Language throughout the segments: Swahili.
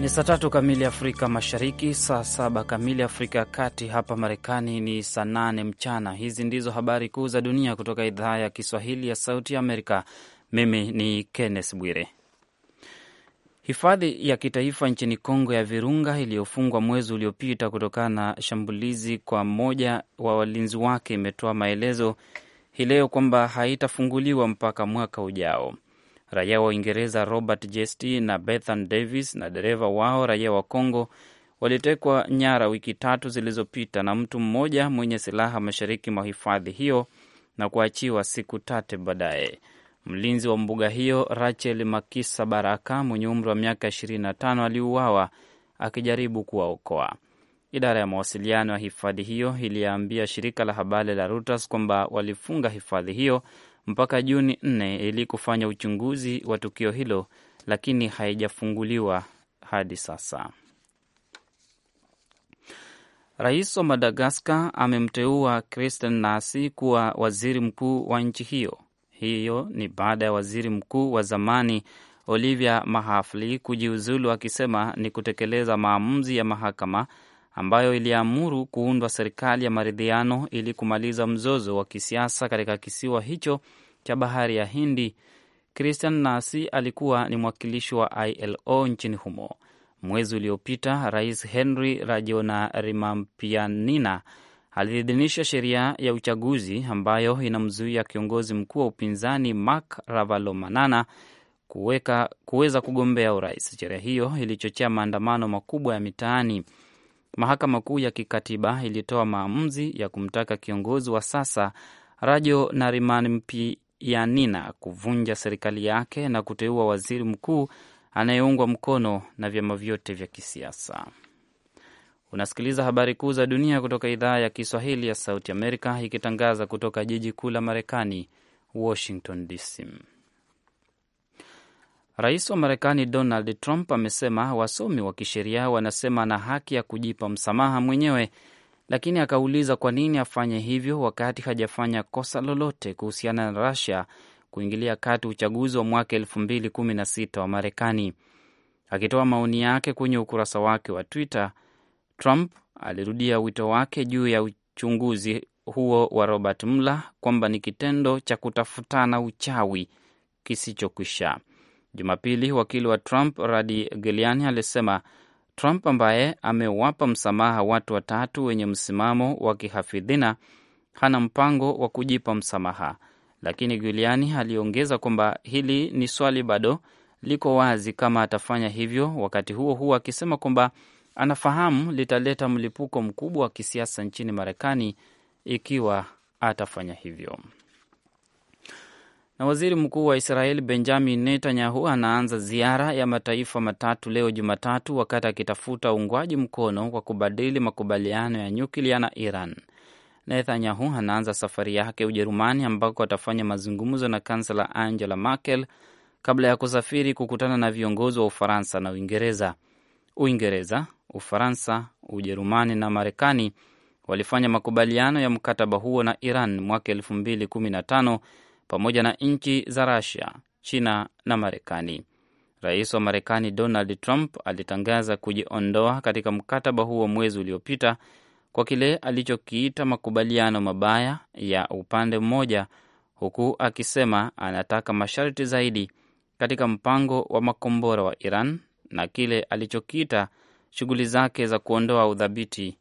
Ni saa tatu kamili Afrika Mashariki, saa saba kamili Afrika ya Kati. Hapa Marekani ni saa nane mchana. Hizi ndizo habari kuu za dunia kutoka idhaa ya Kiswahili ya Sauti Amerika. Mimi ni Kenneth Bwire. Hifadhi ya kitaifa nchini Kongo ya Virunga iliyofungwa mwezi uliopita kutokana na shambulizi kwa mmoja wa walinzi wake imetoa maelezo hii leo kwamba haitafunguliwa mpaka mwaka ujao. Raia wa Uingereza Robert Jesty na Bethan Davis na dereva wao raia wa Congo walitekwa nyara wiki tatu zilizopita na mtu mmoja mwenye silaha mashariki mwa hifadhi hiyo na kuachiwa siku tatu baadaye. Mlinzi wa mbuga hiyo Rachel Makisa Baraka mwenye umri wa miaka 25 aliuawa akijaribu kuwaokoa. Idara ya mawasiliano ya hifadhi hiyo iliambia shirika la habari la Reuters kwamba walifunga hifadhi hiyo mpaka Juni 4 ili kufanya uchunguzi wa tukio hilo, lakini haijafunguliwa hadi sasa. Rais wa Madagaskar amemteua cristen Nasi kuwa waziri mkuu wa nchi hiyo. Hiyo ni baada ya waziri mkuu wa zamani Olivia Mahafli kujiuzulu akisema ni kutekeleza maamuzi ya mahakama ambayo iliamuru kuundwa serikali ya maridhiano ili kumaliza mzozo wa kisiasa katika kisiwa hicho cha bahari ya Hindi, Christian Nasi alikuwa ni mwakilishi wa ILO nchini humo. Mwezi uliopita, Rais Henry Rajoelinarimampianina aliidhinisha sheria ya uchaguzi ambayo inamzuia kiongozi mkuu wa upinzani Marc Ravalomanana kuweka kuweza kugombea urais. Sheria hiyo ilichochea maandamano makubwa ya mitaani. Mahakama Kuu ya Kikatiba ilitoa maamuzi ya kumtaka kiongozi wa sasa Rajo Narimanpi nina kuvunja serikali yake na kuteua waziri mkuu anayeungwa mkono na vyama vyote vya kisiasa. Unasikiliza habari kuu za dunia kutoka idhaa ya Kiswahili ya Sauti Amerika, ikitangaza kutoka jiji kuu la Marekani, Washington DC. Rais wa Marekani Donald Trump amesema wasomi wa kisheria wanasema ana haki ya kujipa msamaha mwenyewe lakini akauliza kwa nini afanye hivyo wakati hajafanya kosa lolote kuhusiana na Russia kuingilia kati uchaguzi wa mwaka elfu mbili kumi na sita wa Marekani. Akitoa maoni yake kwenye ukurasa wake wa Twitter, Trump alirudia wito wake juu ya uchunguzi huo wa Robert Mueller kwamba ni kitendo cha kutafutana uchawi kisichokwisha. Jumapili, wakili wa Trump Radi Giuliani alisema Trump ambaye amewapa msamaha watu watatu wenye msimamo wa kihafidhina hana mpango wa kujipa msamaha, lakini Giuliani aliongeza kwamba hili ni swali bado liko wazi kama atafanya hivyo, wakati huo huo akisema kwamba anafahamu litaleta mlipuko mkubwa wa kisiasa nchini Marekani ikiwa atafanya hivyo. Na waziri mkuu wa israel Benjamin Netanyahu anaanza ziara ya mataifa matatu leo Jumatatu, wakati akitafuta uungwaji mkono kwa kubadili makubaliano ya nyuklia na Iran. Netanyahu anaanza safari yake Ujerumani, ambako atafanya mazungumzo na kansela Angela Merkel kabla ya kusafiri kukutana na viongozi wa Ufaransa na Uingereza. Uingereza, Ufaransa, Ujerumani na Marekani walifanya makubaliano ya mkataba huo na Iran mwaka elfu mbili kumi na tano pamoja na nchi za Rusia, China na Marekani. Rais wa Marekani Donald Trump alitangaza kujiondoa katika mkataba huo mwezi uliopita kwa kile alichokiita makubaliano mabaya ya upande mmoja, huku akisema anataka masharti zaidi katika mpango wa makombora wa Iran na kile alichokiita shughuli zake za kuondoa udhabiti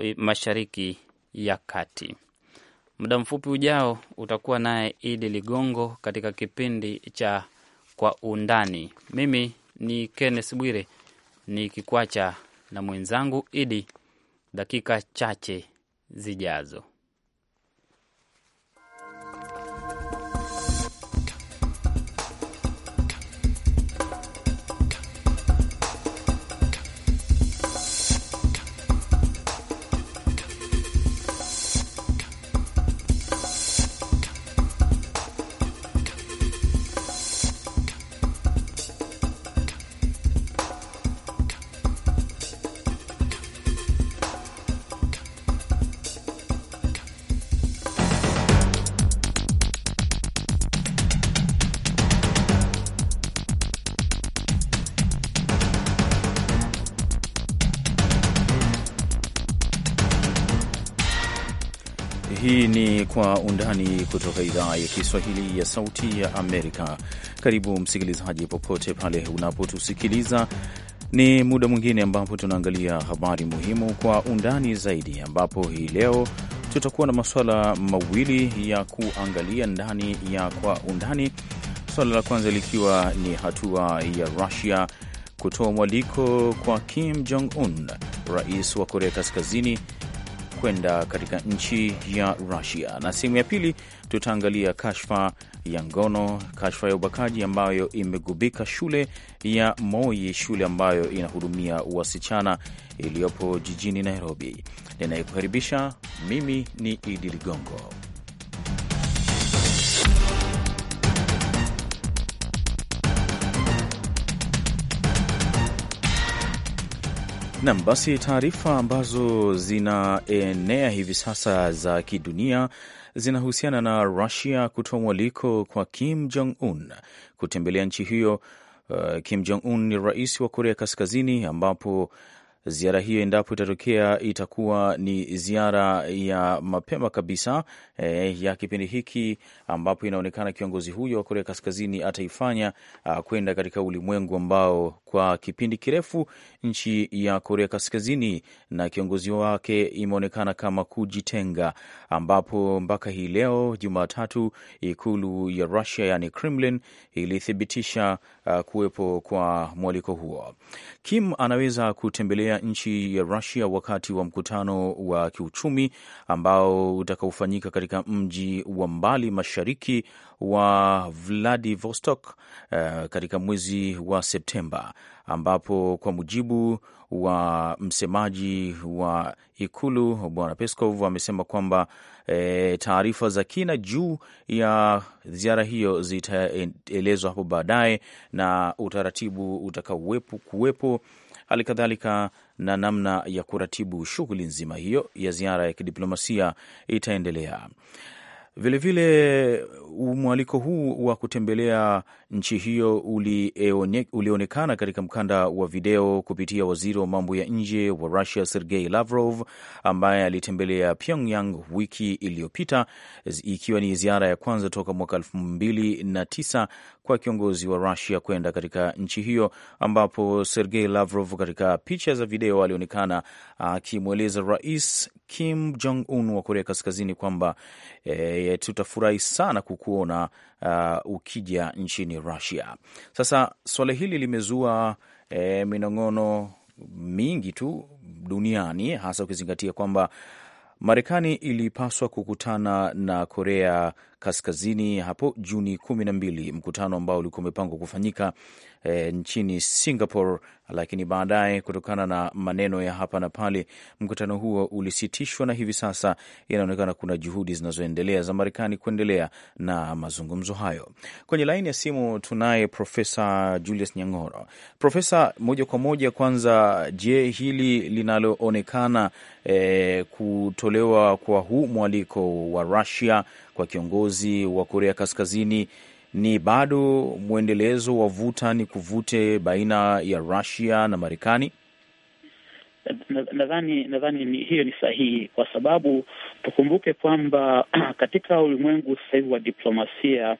eh, mashariki ya kati. Muda mfupi ujao utakuwa naye Idi Ligongo katika kipindi cha Kwa Undani. Mimi ni Kenneth Bwire ni kikwacha na mwenzangu Idi dakika chache zijazo. Kwa Undani kutoka idhaa ya Kiswahili ya Sauti ya Amerika. Karibu msikilizaji, popote pale unapotusikiliza ni muda mwingine ambapo tunaangalia habari muhimu kwa undani zaidi, ambapo hii leo tutakuwa na masuala mawili ya kuangalia ndani ya Kwa Undani, suala la kwanza likiwa ni hatua ya Rusia kutoa mwaliko kwa Kim Jong Un, rais wa Korea Kaskazini kwenda katika nchi ya Rusia, na sehemu ya pili tutaangalia kashfa ya ngono, kashfa ya ubakaji ambayo imegubika shule ya Moi, shule ambayo inahudumia wasichana iliyopo jijini Nairobi. Ninayekukaribisha mimi ni Idi Ligongo. Nam, basi taarifa ambazo zinaenea hivi sasa za kidunia zinahusiana na Rusia kutoa mwaliko kwa Kim Jong Un kutembelea nchi hiyo. Uh, Kim Jong Un ni rais wa Korea Kaskazini, ambapo ziara hiyo endapo itatokea itakuwa ni ziara ya mapema kabisa eh, ya kipindi hiki ambapo inaonekana kiongozi huyo wa Korea Kaskazini ataifanya kwenda katika ulimwengu ambao kwa kipindi kirefu nchi ya Korea Kaskazini na kiongozi wake imeonekana kama kujitenga, ambapo mpaka hii leo Jumatatu ikulu ya Russia yani Kremlin ilithibitisha uh, kuwepo kwa mwaliko huo. Kim anaweza kutembelea nchi ya Russia wakati wa mkutano wa kiuchumi ambao utakaofanyika katika katika mji wa mbali mashariki wa Vladivostok uh, katika mwezi wa Septemba, ambapo kwa mujibu wa msemaji wa ikulu Bwana Peskov amesema kwamba e, taarifa za kina juu ya ziara hiyo zitaelezwa hapo baadaye na utaratibu utakaokuwepo. Hali kadhalika na namna ya kuratibu shughuli nzima hiyo ya ziara ya kidiplomasia itaendelea. Vilevile mwaliko huu wa kutembelea nchi hiyo e, ulionekana katika mkanda wa video kupitia waziri wa mambo ya nje wa Russia Sergei Lavrov ambaye alitembelea Pyongyang wiki iliyopita, ikiwa ni ziara ya kwanza toka mwaka elfu mbili na tisa kwa kiongozi wa Russia kwenda katika nchi hiyo, ambapo Sergei Lavrov katika picha za video alionekana akimweleza Rais Kim Jong Un wa Korea Kaskazini kwamba eh, e, tutafurahi sana kukuona uh, ukija nchini Russia. Sasa swala hili limezua e, minong'ono mingi tu duniani hasa ukizingatia kwamba Marekani ilipaswa kukutana na Korea Kaskazini hapo Juni kumi na mbili, mkutano ambao ulikuwa umepangwa kufanyika e, nchini Singapore, lakini baadaye kutokana na maneno ya hapa na pale mkutano huo ulisitishwa, na hivi sasa inaonekana kuna juhudi zinazoendelea za Marekani kuendelea na mazungumzo hayo. Kwenye laini ya simu tunaye Profesa Julius Nyang'oro. Profesa, moja kwa moja, kwanza, je, hili linaloonekana e, kutolewa kwa huu mwaliko wa Russia kwa kiongozi wa Korea Kaskazini ni bado mwendelezo wa vuta ni kuvute baina ya Russia na Marekani? Nadhani na ni hiyo ni sahihi, kwa sababu tukumbuke kwamba katika ulimwengu sasa hivi wa diplomasia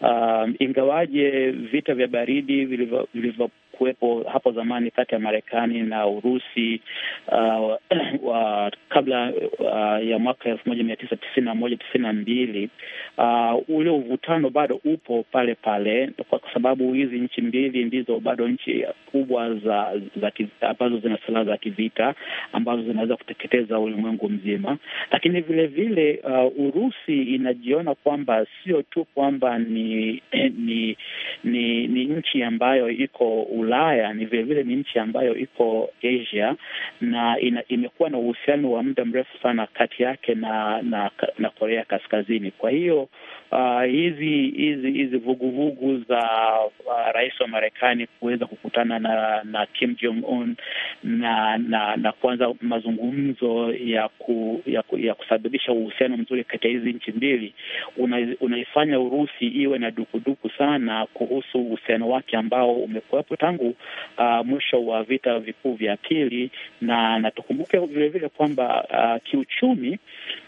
uh, ingawaje vita vya baridi vilivyo kuwepo hapo zamani kati ya Marekani na Urusi uh, wa kabla uh, ya mwaka elfu moja mia tisa tisini na moja tisini na mbili uh, ule uvutano bado upo pale pale, kwa sababu hizi nchi mbili ndizo bado nchi kubwa za, za ambazo zina silaha za kivita ambazo zinaweza kuteketeza ulimwengu mzima, lakini vilevile uh, Urusi inajiona kwamba sio tu kwamba ni, ni, ni, ni nchi ambayo iko Ulaya ni vilevile ni nchi ambayo iko Asia na ina, imekuwa na uhusiano wa muda mrefu sana kati yake na, na na Korea Kaskazini. Kwa hiyo uh, hizi hizi hizi vuguvugu za uh, rais wa Marekani kuweza kukutana na na Kim Jong Un na na, na kuanza mazungumzo ya ku, ya, ku, ya kusababisha uhusiano mzuri kati ya hizi nchi mbili unaifanya una Urusi iwe na dukuduku sana kuhusu uhusiano wake ambao umekuwepo tangu tangu uh, mwisho wa vita vikuu vya pili, na na tukumbuke vilevile kwamba uh, kiuchumi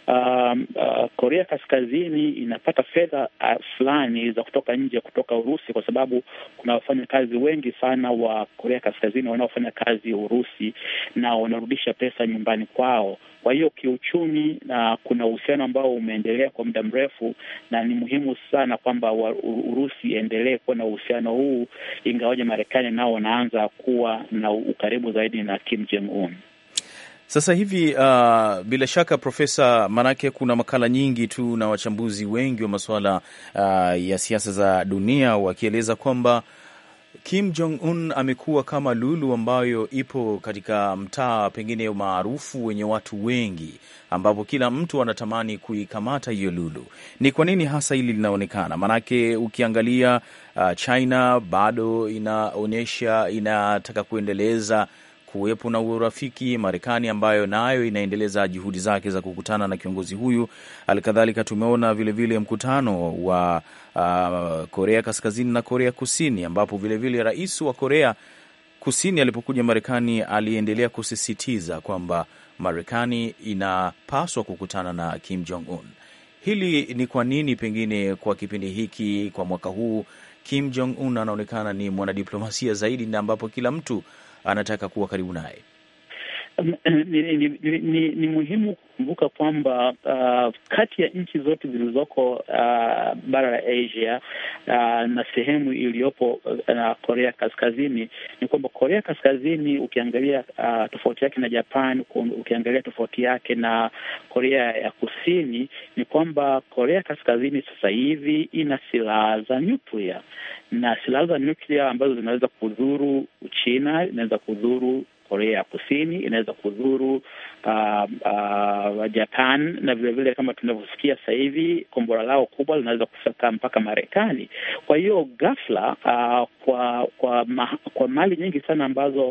um, uh, Korea Kaskazini inapata fedha uh, fulani za kutoka nje kutoka Urusi, kwa sababu kuna wafanyakazi wengi sana wa Korea Kaskazini wanaofanya kazi Urusi na wanarudisha pesa nyumbani kwao. Kwa hiyo kiuchumi, na uh, kuna uhusiano ambao umeendelea kwa muda mrefu, na ni muhimu sana kwamba Urusi iendelee kuwa na uhusiano huu, ingawaje Marekani nao wanaanza kuwa na ukaribu zaidi na Kim Jong Un. Sasa hivi uh, bila shaka profesa, maanake kuna makala nyingi tu na wachambuzi wengi wa masuala uh, ya siasa za dunia wakieleza kwamba Kim Jong Un amekuwa kama lulu ambayo ipo katika mtaa pengine maarufu wenye watu wengi, ambapo kila mtu anatamani kuikamata hiyo lulu. Ni kwa nini hasa hili linaonekana? Maanake ukiangalia uh, China bado inaonyesha inataka kuendeleza kuwepo na urafiki. Marekani ambayo nayo inaendeleza juhudi zake za kukutana na kiongozi huyu. Halikadhalika tumeona vilevile vile mkutano wa uh, Korea Kaskazini na Korea Kusini, ambapo vilevile rais wa Korea Kusini alipokuja Marekani aliendelea kusisitiza kwamba Marekani inapaswa kukutana na Kim Jong Un. Hili ni kwa nini? Pengine kwa kipindi hiki, kwa mwaka huu, Kim Jong Un anaonekana ni mwanadiplomasia zaidi, na ambapo kila mtu anataka kuwa karibu naye ni, ni, ni, ni, ni muhimu kukumbuka kwamba uh, kati ya nchi zote zilizoko uh, bara la Asia uh, na sehemu iliyopo na uh, Korea Kaskazini ni kwamba Korea Kaskazini ukiangalia uh, tofauti yake na Japan, ukiangalia tofauti yake na Korea ya Kusini ni kwamba Korea Kaskazini sasa hivi ina silaha za nyuklia na silaha za nyuklia ambazo zinaweza kudhuru china inaweza kudhuru Korea ya Kusini, inaweza kudhuru uh, uh, Japan na vilevile, kama tunavyosikia sasa hivi kombora lao kubwa linaweza kufika mpaka Marekani. Kwa hiyo ghafla, uh, kwa kwa, ma, kwa mali nyingi sana ambazo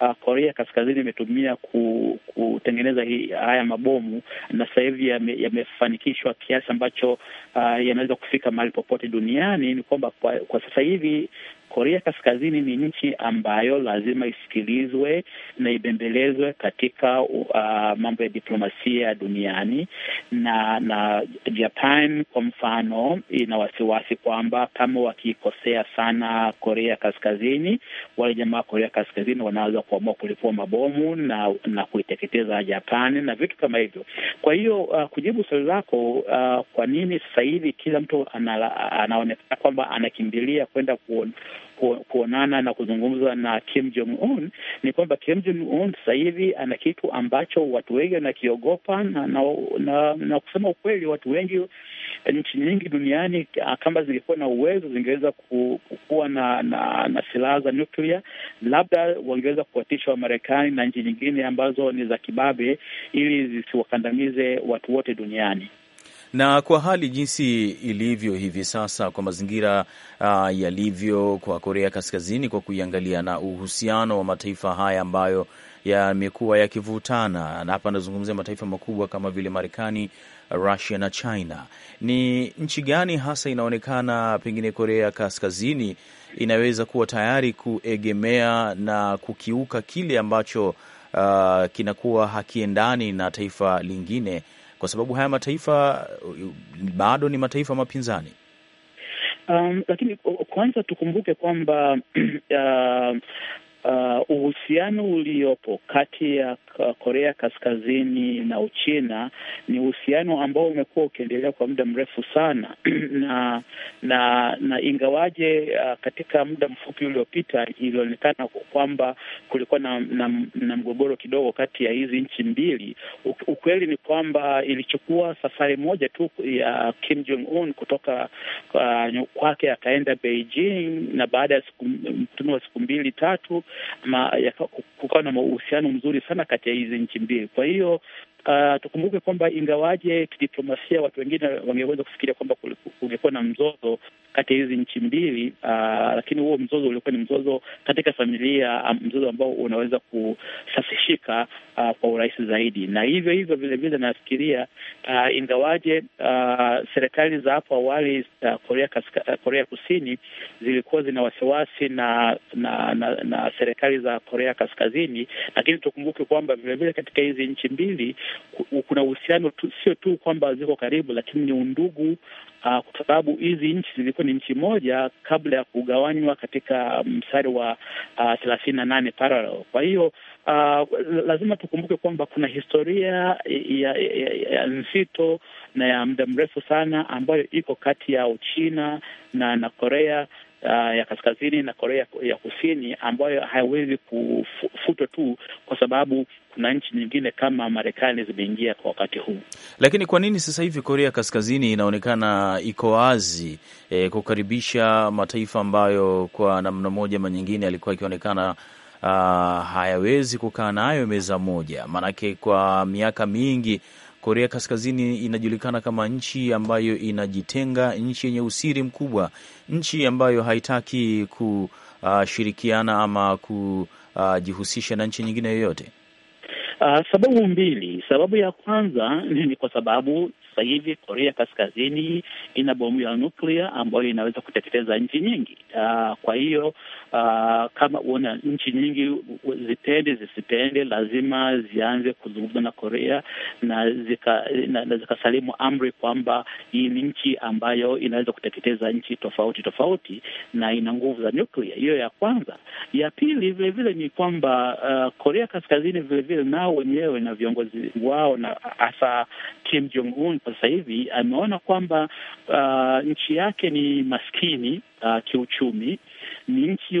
uh, Korea Kaskazini imetumia ku, kutengeneza hi, haya mabomu na sasa hivi yamefanikishwa me, ya kiasi ambacho uh, yanaweza kufika mahali popote duniani, ni kwamba kwa, kwa sasa hivi Korea Kaskazini ni nchi ambayo lazima isikilizwe na ibembelezwe katika uh, mambo ya diplomasia duniani, na na Japan kwa mfano ina wasiwasi kwamba kama wakiikosea sana Korea Kaskazini, wale jamaa wa Korea Kaskazini wanaweza kuamua kulipua mabomu na na kuiteketeza Japan na vitu kama hivyo. Kwa hiyo uh, kujibu swali lako, uh, kwa nini sasa hivi kila mtu anaonekana kwamba anakimbilia kwenda ku kuonana na kuzungumza na Kim Jong Un ni kwamba Kim Jong Un sasa hivi ana kitu ambacho watu wengi wanakiogopa na, na, na, na kusema ukweli, watu wengi nchi nyingi duniani ah, kama zingekuwa na uwezo zingeweza kuwa na, na, na silaha za nuklia, labda wangeweza kuwatisha Wamarekani na nchi nyingine ambazo ni za kibabe ili zisiwakandamize watu wote duniani. Na kwa hali jinsi ilivyo hivi sasa, kwa mazingira uh, yalivyo kwa Korea Kaskazini, kwa kuiangalia na uhusiano wa mataifa haya ambayo yamekuwa yakivutana, na hapa anazungumzia mataifa makubwa kama vile Marekani, Rusia na China, ni nchi gani hasa inaonekana pengine Korea Kaskazini inaweza kuwa tayari kuegemea na kukiuka kile ambacho uh, kinakuwa hakiendani na taifa lingine kwa sababu haya mataifa bado ni mataifa mapinzani. Um, lakini kwanza tukumbuke kwamba uh, uh, uhusiano uliopo kati ya Korea Kaskazini na Uchina ni uhusiano ambao umekuwa ukiendelea kwa muda mrefu sana na na na ingawaje, uh, katika muda mfupi uliopita ilionekana kwamba kulikuwa na, na, na mgogoro kidogo kati ya hizi nchi mbili. Ukweli ni kwamba ilichukua safari moja tu ya Kim Jong Un kutoka uh, kwake akaenda Beijing, na baada ya siku mtume wa siku mbili tatu ma, kukawa na mahusiano mzuri sana kati ya hizi nchi mbili. Kwa hiyo Uh, tukumbuke kwamba ingawaje kidiplomasia watu wengine wangeweza kufikiria kwamba kungekuwa na mzozo kati ya hizi nchi mbili uh, lakini huo mzozo ulikuwa ni mzozo katika familia, mzozo ambao unaweza kusafishika uh, kwa urahisi zaidi. Na hivyo hivyo vilevile nafikiria uh, ingawaje uh, serikali za hapo awali uh, Korea uh, Korea Kusini zilikuwa zina wasiwasi na na, na na serikali za Korea Kaskazini, lakini tukumbuke kwamba vilevile katika hizi nchi mbili kuna uhusiano sio tu kwamba ziko karibu, lakini ni undugu, ah, kwa sababu hizi nchi zilikuwa ni nchi moja kabla ya kugawanywa katika mstari wa ah, thelathini na nane parallel. Kwa hiyo Uh, lazima tukumbuke kwamba kuna historia ya, ya, ya nzito na ya muda mrefu sana ambayo iko kati ya Uchina na na Korea uh, ya kaskazini na Korea ya kusini ambayo haiwezi kufutwa tu kwa sababu kuna nchi nyingine kama Marekani zimeingia kwa wakati huu. Lakini kwa nini sasa hivi Korea Kaskazini inaonekana iko wazi eh, kukaribisha mataifa ambayo kwa namna moja ama nyingine yalikuwa ikionekana Uh, ah, hayawezi kukaa nayo meza moja, maanake kwa miaka mingi Korea Kaskazini inajulikana kama nchi ambayo inajitenga, nchi yenye usiri mkubwa, nchi ambayo haitaki kushirikiana ama kujihusisha na nchi nyingine yoyote. Uh, sababu mbili. Sababu ya kwanza ni kwa sababu sasa hivi Korea Kaskazini ina bomu ya nuklia ambayo inaweza kuteketeza nchi nyingi. Uh, kwa hiyo uh, kama una nchi nyingi zipende zisipende, lazima zianze kuzungumza na Korea na zikasalimu zika amri kwamba hii ni nchi ambayo inaweza kuteketeza nchi tofauti tofauti na ina nguvu za nuklia. Hiyo ya kwanza. Ya pili vilevile ni kwamba uh, Korea Kaskazini vilevile nao wenyewe na viongozi wao na hasa Kim Jong Un sasa hivi ameona kwamba uh, nchi yake ni maskini uh, kiuchumi ni nchi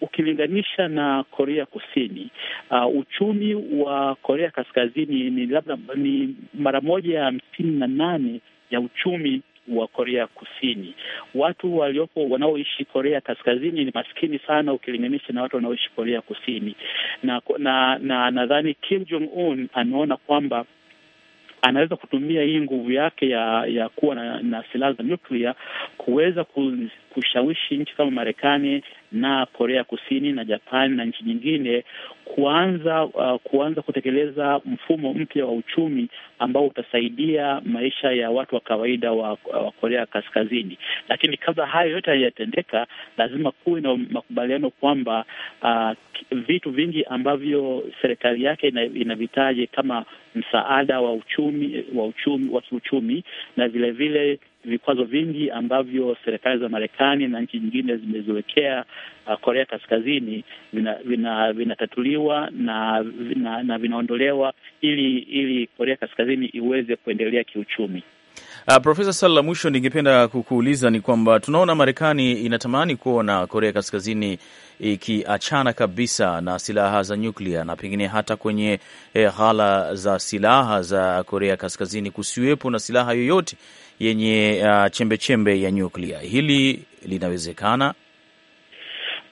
ukilinganisha na Korea Kusini. Uh, uchumi wa Korea Kaskazini ni labda ni mara moja ya hamsini na nane ya uchumi wa Korea Kusini. Watu waliopo wanaoishi Korea Kaskazini ni maskini sana ukilinganisha na watu wanaoishi Korea Kusini, na nadhani na, na Kim Jong Un ameona kwamba anaweza kutumia hii nguvu yake ya ya kuwa na, na silaha za nyuklia kuweza kushawishi nchi kama Marekani na Korea Kusini na Japani na nchi nyingine kuanza uh, kuanza kutekeleza mfumo mpya wa uchumi ambao utasaidia maisha ya watu wa kawaida wa, wa Korea Kaskazini. Lakini kabla hayo yote hayajatendeka, lazima kuwe na makubaliano kwamba uh, vitu vingi ambavyo serikali yake inavitaji kama msaada wa uchumi wa uchumi wa kiuchumi na vilevile vile vikwazo vingi ambavyo serikali za Marekani na nchi nyingine zimeziwekea uh, Korea Kaskazini vinatatuliwa vina, vina na, na, na vinaondolewa ili ili Korea Kaskazini iweze kuendelea kiuchumi. Uh, Profesa, swali la mwisho ningependa kukuuliza ni kwamba tunaona Marekani inatamani kuona Korea Kaskazini ikiachana kabisa na silaha za nyuklia na pengine hata kwenye eh, ghala za silaha za Korea Kaskazini kusiwepo na silaha yoyote yenye uh, ah, chembe chembe ya nyuklia. Hili linawezekana?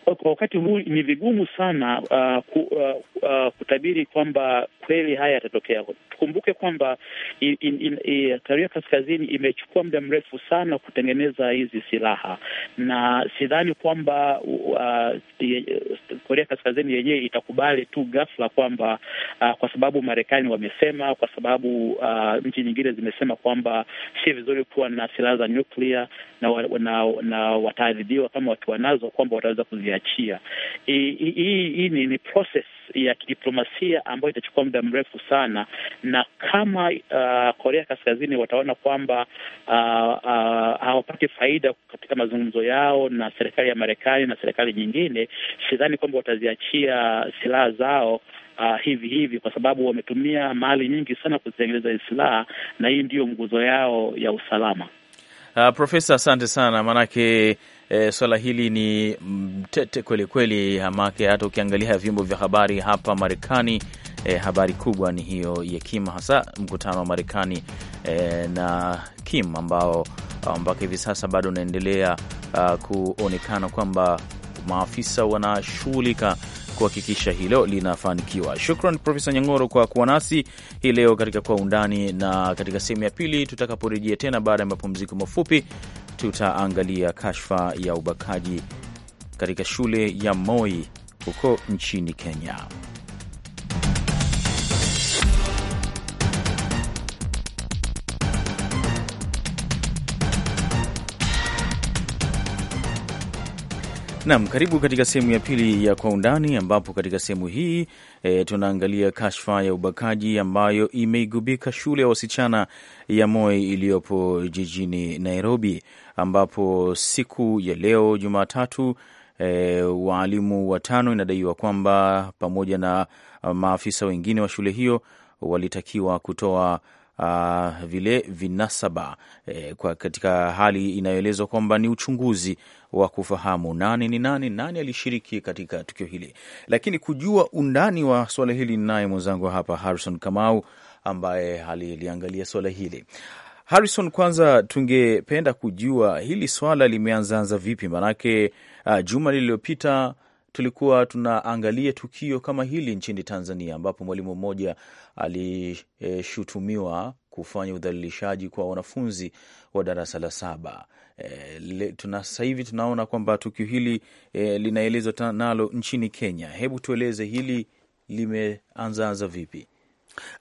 Kwa wakati huu ni vigumu sana uh, ku, uh, uh, kutabiri kwamba kweli haya yatatokea. Tukumbuke kwamba Korea Kaskazini imechukua muda mrefu sana kutengeneza hizi silaha, na sidhani kwamba uh, Korea Kaskazini yenyewe itakubali tu ghafla kwamba uh, kwa sababu Marekani wamesema, kwa sababu uh, nchi nyingine zimesema kwamba si vizuri kuwa na silaha za nyuklia na, na, na, na wataadhibiwa kama wakiwa nazo kwamba wataweza kuzi wameachia. Hii ni, ni process ya kidiplomasia ambayo itachukua muda mrefu sana, na kama uh, Korea Kaskazini wataona kwamba hawapati uh, uh, faida katika mazungumzo yao na serikali ya Marekani na serikali nyingine, sidhani kwamba wataziachia silaha zao Uh, hivi hivi kwa sababu wametumia mali nyingi sana kuzitengeneza silaha na hii ndiyo nguzo yao ya usalama. Uh, Profesa, asante sana maanake e, swala hili ni mtete kweli kweli, hamake hata ukiangalia vyombo vya habari hapa Marekani. E, habari kubwa ni hiyo ya Kim, hasa mkutano wa Marekani e, na Kim ambao mpaka hivi sasa bado unaendelea kuonekana kwamba maafisa wanashughulika kuhakikisha hilo linafanikiwa. Shukran Profesa Nyang'oro kwa kuwa nasi hii leo katika Kwa Undani, na katika sehemu ya pili tutakaporejea tena baada ya mapumziko mafupi tutaangalia kashfa ya ubakaji katika shule ya Moi huko nchini Kenya. Nam, karibu katika sehemu ya pili ya Kwa Undani, ambapo katika sehemu hii e, tunaangalia kashfa ya ubakaji ambayo imeigubika shule ya wasichana ya Moi iliyopo jijini Nairobi, ambapo siku ya leo Jumatatu e, waalimu watano inadaiwa kwamba pamoja na ah, maafisa wengine wa shule hiyo walitakiwa kutoa Uh, vile vinasaba eh, kwa katika hali inayoelezwa kwamba ni uchunguzi wa kufahamu nani ni nani, nani alishiriki katika tukio hili. Lakini kujua undani wa swala hili, ninaye mwenzangu hapa Harrison Kamau ambaye aliliangalia swala hili. Harrison, kwanza tungependa kujua hili swala limeanzaanza vipi? Maanake uh, juma lililopita tulikuwa tunaangalia tukio kama hili nchini Tanzania ambapo mwalimu mmoja alishutumiwa eh, kufanya udhalilishaji kwa wanafunzi wa darasa la saba e, sasa hivi tunaona kwamba tukio hili e, linaelezwa nalo nchini Kenya. Hebu tueleze hili limeanzaanza vipi?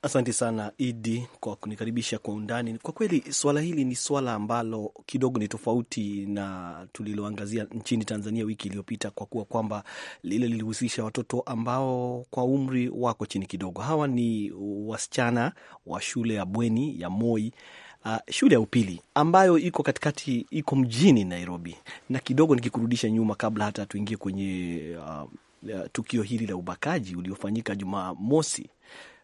Asante sana Idi kwa kunikaribisha kwa undani. Kwa kweli swala hili ni swala ambalo kidogo ni tofauti na tuliloangazia nchini Tanzania wiki iliyopita, kwa kuwa kwamba lile lilihusisha watoto ambao kwa umri wako chini kidogo. Hawa ni wasichana wa shule ya bweni ya Moi uh, shule ya upili ambayo iko katikati, iko mjini Nairobi, na kidogo nikikurudisha nyuma kabla hata tuingie kwenye uh, uh, tukio hili la ubakaji uliofanyika Jumamosi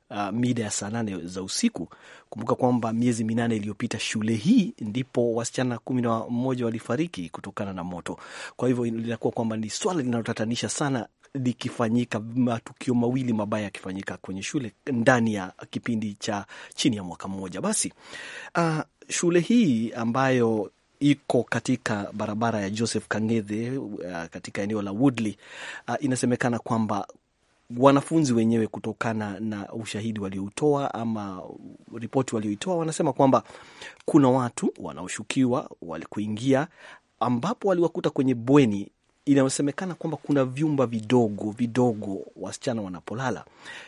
Uh, mida ya saa nane za usiku. Kumbuka kwamba miezi minane iliyopita shule hii ndipo wasichana kumi na mmoja walifariki kutokana na moto. Kwa hivyo linakuwa kwamba ni swala linalotatanisha sana likifanyika, matukio mawili mabaya yakifanyika kwenye shule ndani ya kipindi cha chini ya mwaka mmoja. Basi uh, shule hii ambayo iko katika barabara ya Joseph Kang'ethe uh, katika eneo la Woodley uh, inasemekana kwamba wanafunzi wenyewe kutokana na ushahidi walioutoa ama ripoti walioitoa, wanasema kwamba kuna watu wanaoshukiwa walikuingia ambapo waliwakuta kwenye bweni inasemekana kwamba kuna vyumba vidogo vidogo wasichana wanapolala,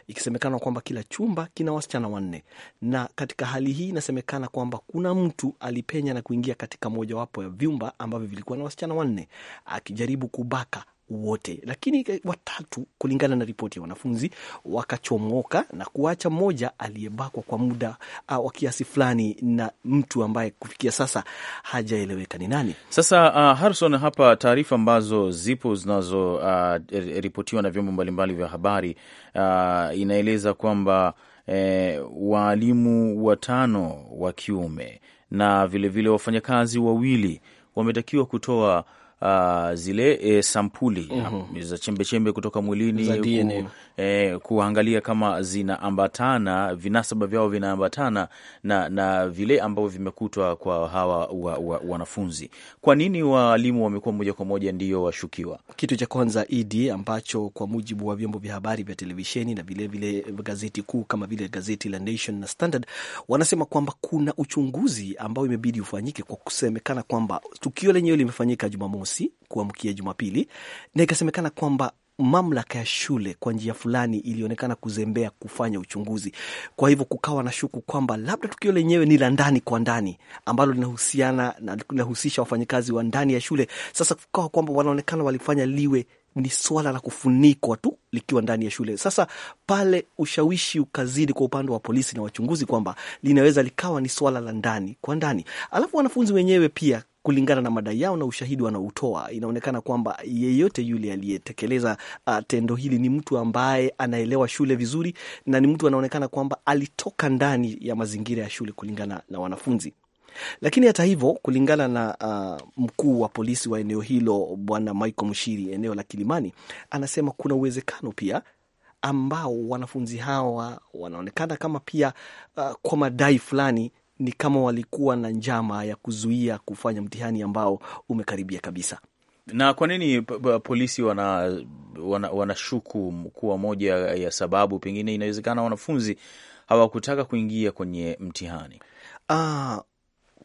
ikisemekana kwamba kila chumba kina wasichana wanne, na katika hali hii inasemekana kwamba kuna mtu alipenya na kuingia katika mojawapo ya vyumba ambavyo vilikuwa na wasichana wanne akijaribu kubaka wote, lakini eh, watatu, kulingana na ripoti ya wanafunzi, wakachomoka na kuacha mmoja aliyebakwa kwa muda uh, wa kiasi fulani na mtu ambaye kufikia sasa hajaeleweka ni nani. Sasa uh, Harrison, hapa taarifa ambazo zipo zinazoripotiwa ah, er, uh, na vyombo mbalimbali vya habari uh, inaeleza kwamba eh, waalimu watano wa kiume na vilevile wafanyakazi wawili wametakiwa kutoa uh, zile e, sampuli mm -hmm. za chembechembe kutoka mwilini ku, e, kuangalia kama zinaambatana, vinasaba vyao vinaambatana na, na vile ambavyo vimekutwa kwa hawa wa, wa, wanafunzi. Kwa nini waalimu wamekuwa moja kwa moja ndiyo washukiwa? Kitu cha kwanza ed ambacho kwa mujibu wa vyombo vya habari vya televisheni na vilevile gazeti kuu kama vile gazeti la Nation na Standard wanasema kwamba kuna uchunguzi ambao imebidi ufanyike kwa kusemekana kwamba tukio lenyewe limefanyika Jumamosi Jumamosi kuamkia Jumapili, na ikasemekana kwamba mamlaka ya shule kwa njia fulani ilionekana kuzembea kufanya uchunguzi. Kwa hivyo kukawa na shuku kwamba labda tukio lenyewe ni la ndani kwa ndani ambalo linahusiana na linahusisha wafanyakazi wa ndani ya shule. Sasa kukawa kwamba wanaonekana walifanya liwe ni swala la kufunikwa tu likiwa ndani ya shule. Sasa pale ushawishi ukazidi kwa upande wa polisi na wachunguzi kwamba linaweza likawa ni swala la ndani kwa ndani, alafu wanafunzi wenyewe pia kulingana na madai yao na ushahidi wanaotoa, inaonekana kwamba yeyote yule aliyetekeleza uh, tendo hili ni mtu ambaye anaelewa shule vizuri na ni mtu anaonekana kwamba alitoka ndani ya mazingira ya shule kulingana na wanafunzi. Lakini hata hivyo, kulingana na uh, mkuu wa polisi wa eneo hilo Bwana Michael Mshiri, eneo la Kilimani, anasema kuna uwezekano pia ambao wanafunzi hawa wanaonekana kama pia uh, kwa madai fulani ni kama walikuwa na njama ya kuzuia kufanya mtihani ambao umekaribia kabisa. Na kwa nini polisi wanashuku wana, wana kuwa moja ya sababu pengine inawezekana wanafunzi hawakutaka kuingia kwenye mtihani? Ah,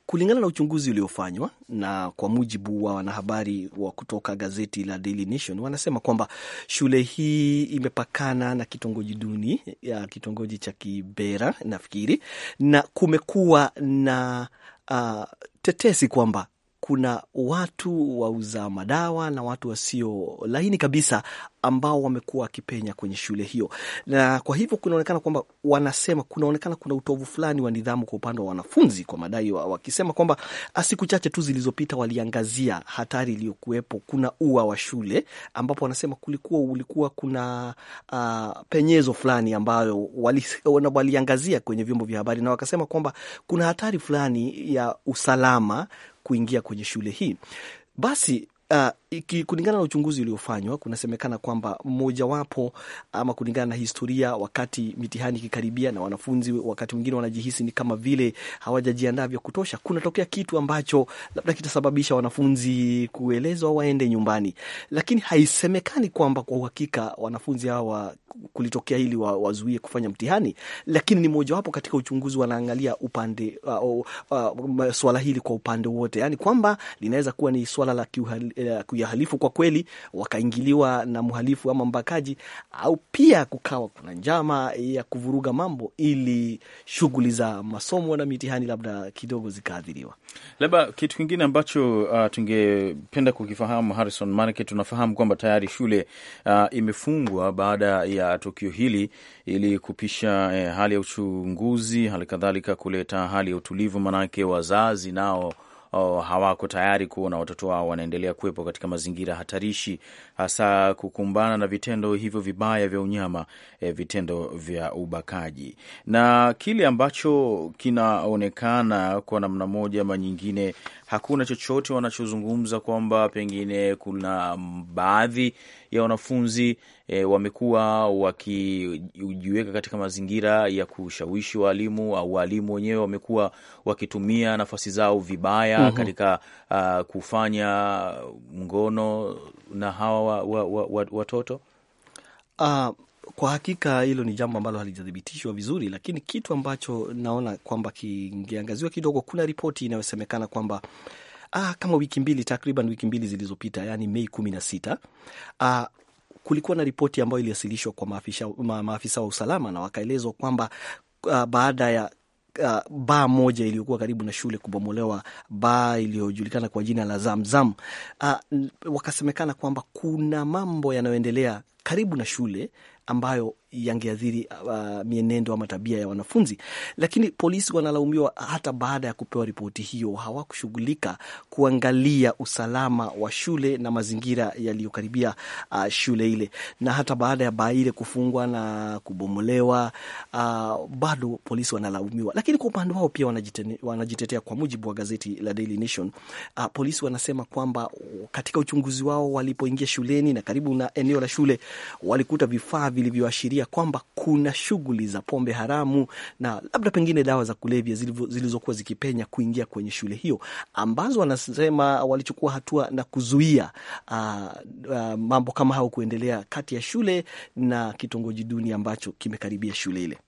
kulingana na uchunguzi uliofanywa na kwa mujibu wa wanahabari wa kutoka gazeti la Daily Nation, wanasema kwamba shule hii imepakana na kitongoji duni ya kitongoji cha Kibera nafikiri, na kumekuwa na uh, tetesi kwamba kuna watu wauza madawa na watu wasio laini kabisa ambao wamekuwa wakipenya kwenye shule hiyo, na kwa hivyo kunaonekana kwamba wanasema, kunaonekana kuna utovu fulani wa nidhamu kwa upande wa wanafunzi, kwa madai wa, wakisema kwamba ah, siku chache tu zilizopita waliangazia hatari iliyokuwepo kuna ua wa shule ambapo wanasema kulikuwa ulikuwa kuna uh, penyezo fulani ambayo wali, waliangazia kwenye vyombo vya habari na wakasema kwamba kuna hatari fulani ya usalama kuingia kwenye shule hii. Basi uh, iki, kulingana na uchunguzi uliofanywa kunasemekana kwamba mmojawapo ama kulingana na historia, wakati mitihani ikikaribia na wanafunzi wakati mwingine wanajihisi ni kama vile hawajajiandaa vya kutosha, kunatokea kitu ambacho labda kitasababisha wanafunzi kuelezwa waende nyumbani, lakini haisemekani kwamba kwa uhakika wanafunzi hawa kulitokea hili wazuie wa kufanya mtihani, lakini ni mojawapo katika uchunguzi wanaangalia upande uh, uh, uh, swala hili kwa upande wote, yani kwamba linaweza kuwa ni swala la kiuhali, uh, halifu kwa kweli wakaingiliwa na mhalifu ama mbakaji, au pia kukawa kuna njama ya kuvuruga mambo ili shughuli za masomo na mitihani labda kidogo zikaathiriwa. Labda kitu kingine ambacho uh, tungependa kukifahamu Harrison, maanake tunafahamu kwamba tayari shule uh, imefungwa baada ya tukio hili ili kupisha eh, hali ya uchunguzi, hali kadhalika kuleta hali ya utulivu, maanake wazazi nao oh, hawako tayari kuona watoto wao wanaendelea kuwepo katika mazingira hatarishi, hasa kukumbana na vitendo hivyo vibaya vya unyama, eh, vitendo vya ubakaji na kile ambacho kinaonekana kwa namna moja ama nyingine, hakuna chochote wanachozungumza kwamba pengine kuna baadhi ya wanafunzi e, wamekuwa wakijiweka katika mazingira ya kushawishi waalimu au waalimu wenyewe wamekuwa wakitumia nafasi zao vibaya mm -hmm. katika uh, kufanya ngono na hawa wa, wa, wa, wa, watoto uh, kwa hakika hilo ni jambo ambalo halijathibitishwa vizuri, lakini kitu ambacho naona kwamba kingeangaziwa kidogo, kuna ripoti inayosemekana kwamba ah, kama wiki mbili takriban wiki mbili zilizopita, yani Mei kumi na sita ah, kulikuwa na ripoti ambayo iliwasilishwa kwa maafisa, maafisa wa usalama na wakaelezwa kwamba uh, baada ya uh, baa moja iliyokuwa karibu na shule kubomolewa, baa iliyojulikana kwa jina la Zamzam. Uh, wakasemekana kwamba kuna mambo yanayoendelea karibu na shule ambayo yangeathiri uh, mienendo ama tabia ya wanafunzi. Lakini polisi wanalaumiwa hata baada ya kupewa ripoti hiyo, hawakushughulika kuangalia usalama wa shule na mazingira yaliyokaribia uh, shule ile, na hata baada ya baa ile kufungwa na kubomolewa, uh, bado polisi wanalaumiwa. Lakini kwa upande wao pia wanajitene, wanajitetea. Kwa mujibu wa gazeti la Daily Nation, uh, polisi wanasema kwamba katika uchunguzi wao walipoingia shuleni na karibu na eneo la shule walikuta vifaa vilivyoashiria ya kwamba kuna shughuli za pombe haramu na labda pengine dawa za kulevya zilizokuwa zikipenya kuingia kwenye shule hiyo, ambazo wanasema walichukua hatua na kuzuia uh, uh, mambo kama hayo kuendelea kati ya shule na kitongoji duni ambacho kimekaribia shule ile.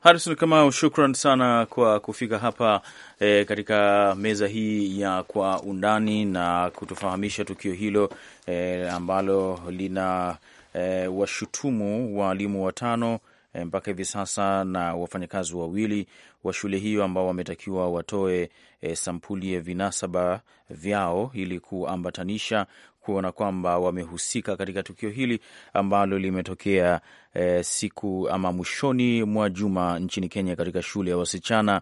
Harison Kamau, shukran sana kwa kufika hapa e, katika meza hii ya Kwa Undani na kutufahamisha tukio hilo e, ambalo lina e, washutumu waalimu watano e, mpaka hivi sasa na wafanyakazi wawili wa shule hiyo ambao wametakiwa watoe e, sampuli ya vinasaba vyao ili kuambatanisha kuona kwamba wamehusika katika tukio hili ambalo limetokea e, siku ama mwishoni mwa juma nchini Kenya katika shule ya wasichana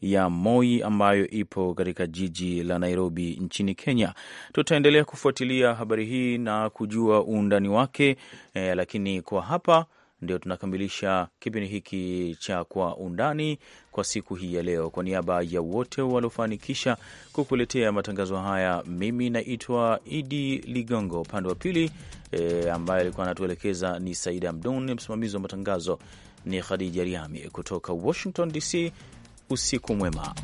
ya Moi ambayo ipo katika jiji la Nairobi nchini Kenya. Tutaendelea kufuatilia habari hii na kujua uundani wake e, lakini kwa hapa ndio tunakamilisha kipindi hiki cha Kwa Undani kwa siku hii ya leo. Kwa niaba ya wote waliofanikisha kukuletea matangazo haya, mimi naitwa Idi Ligongo, upande wa pili e, ambaye alikuwa anatuelekeza ni Saida Amdun, msimamizi wa matangazo ni Khadija Riami kutoka Washington DC. Usiku mwema.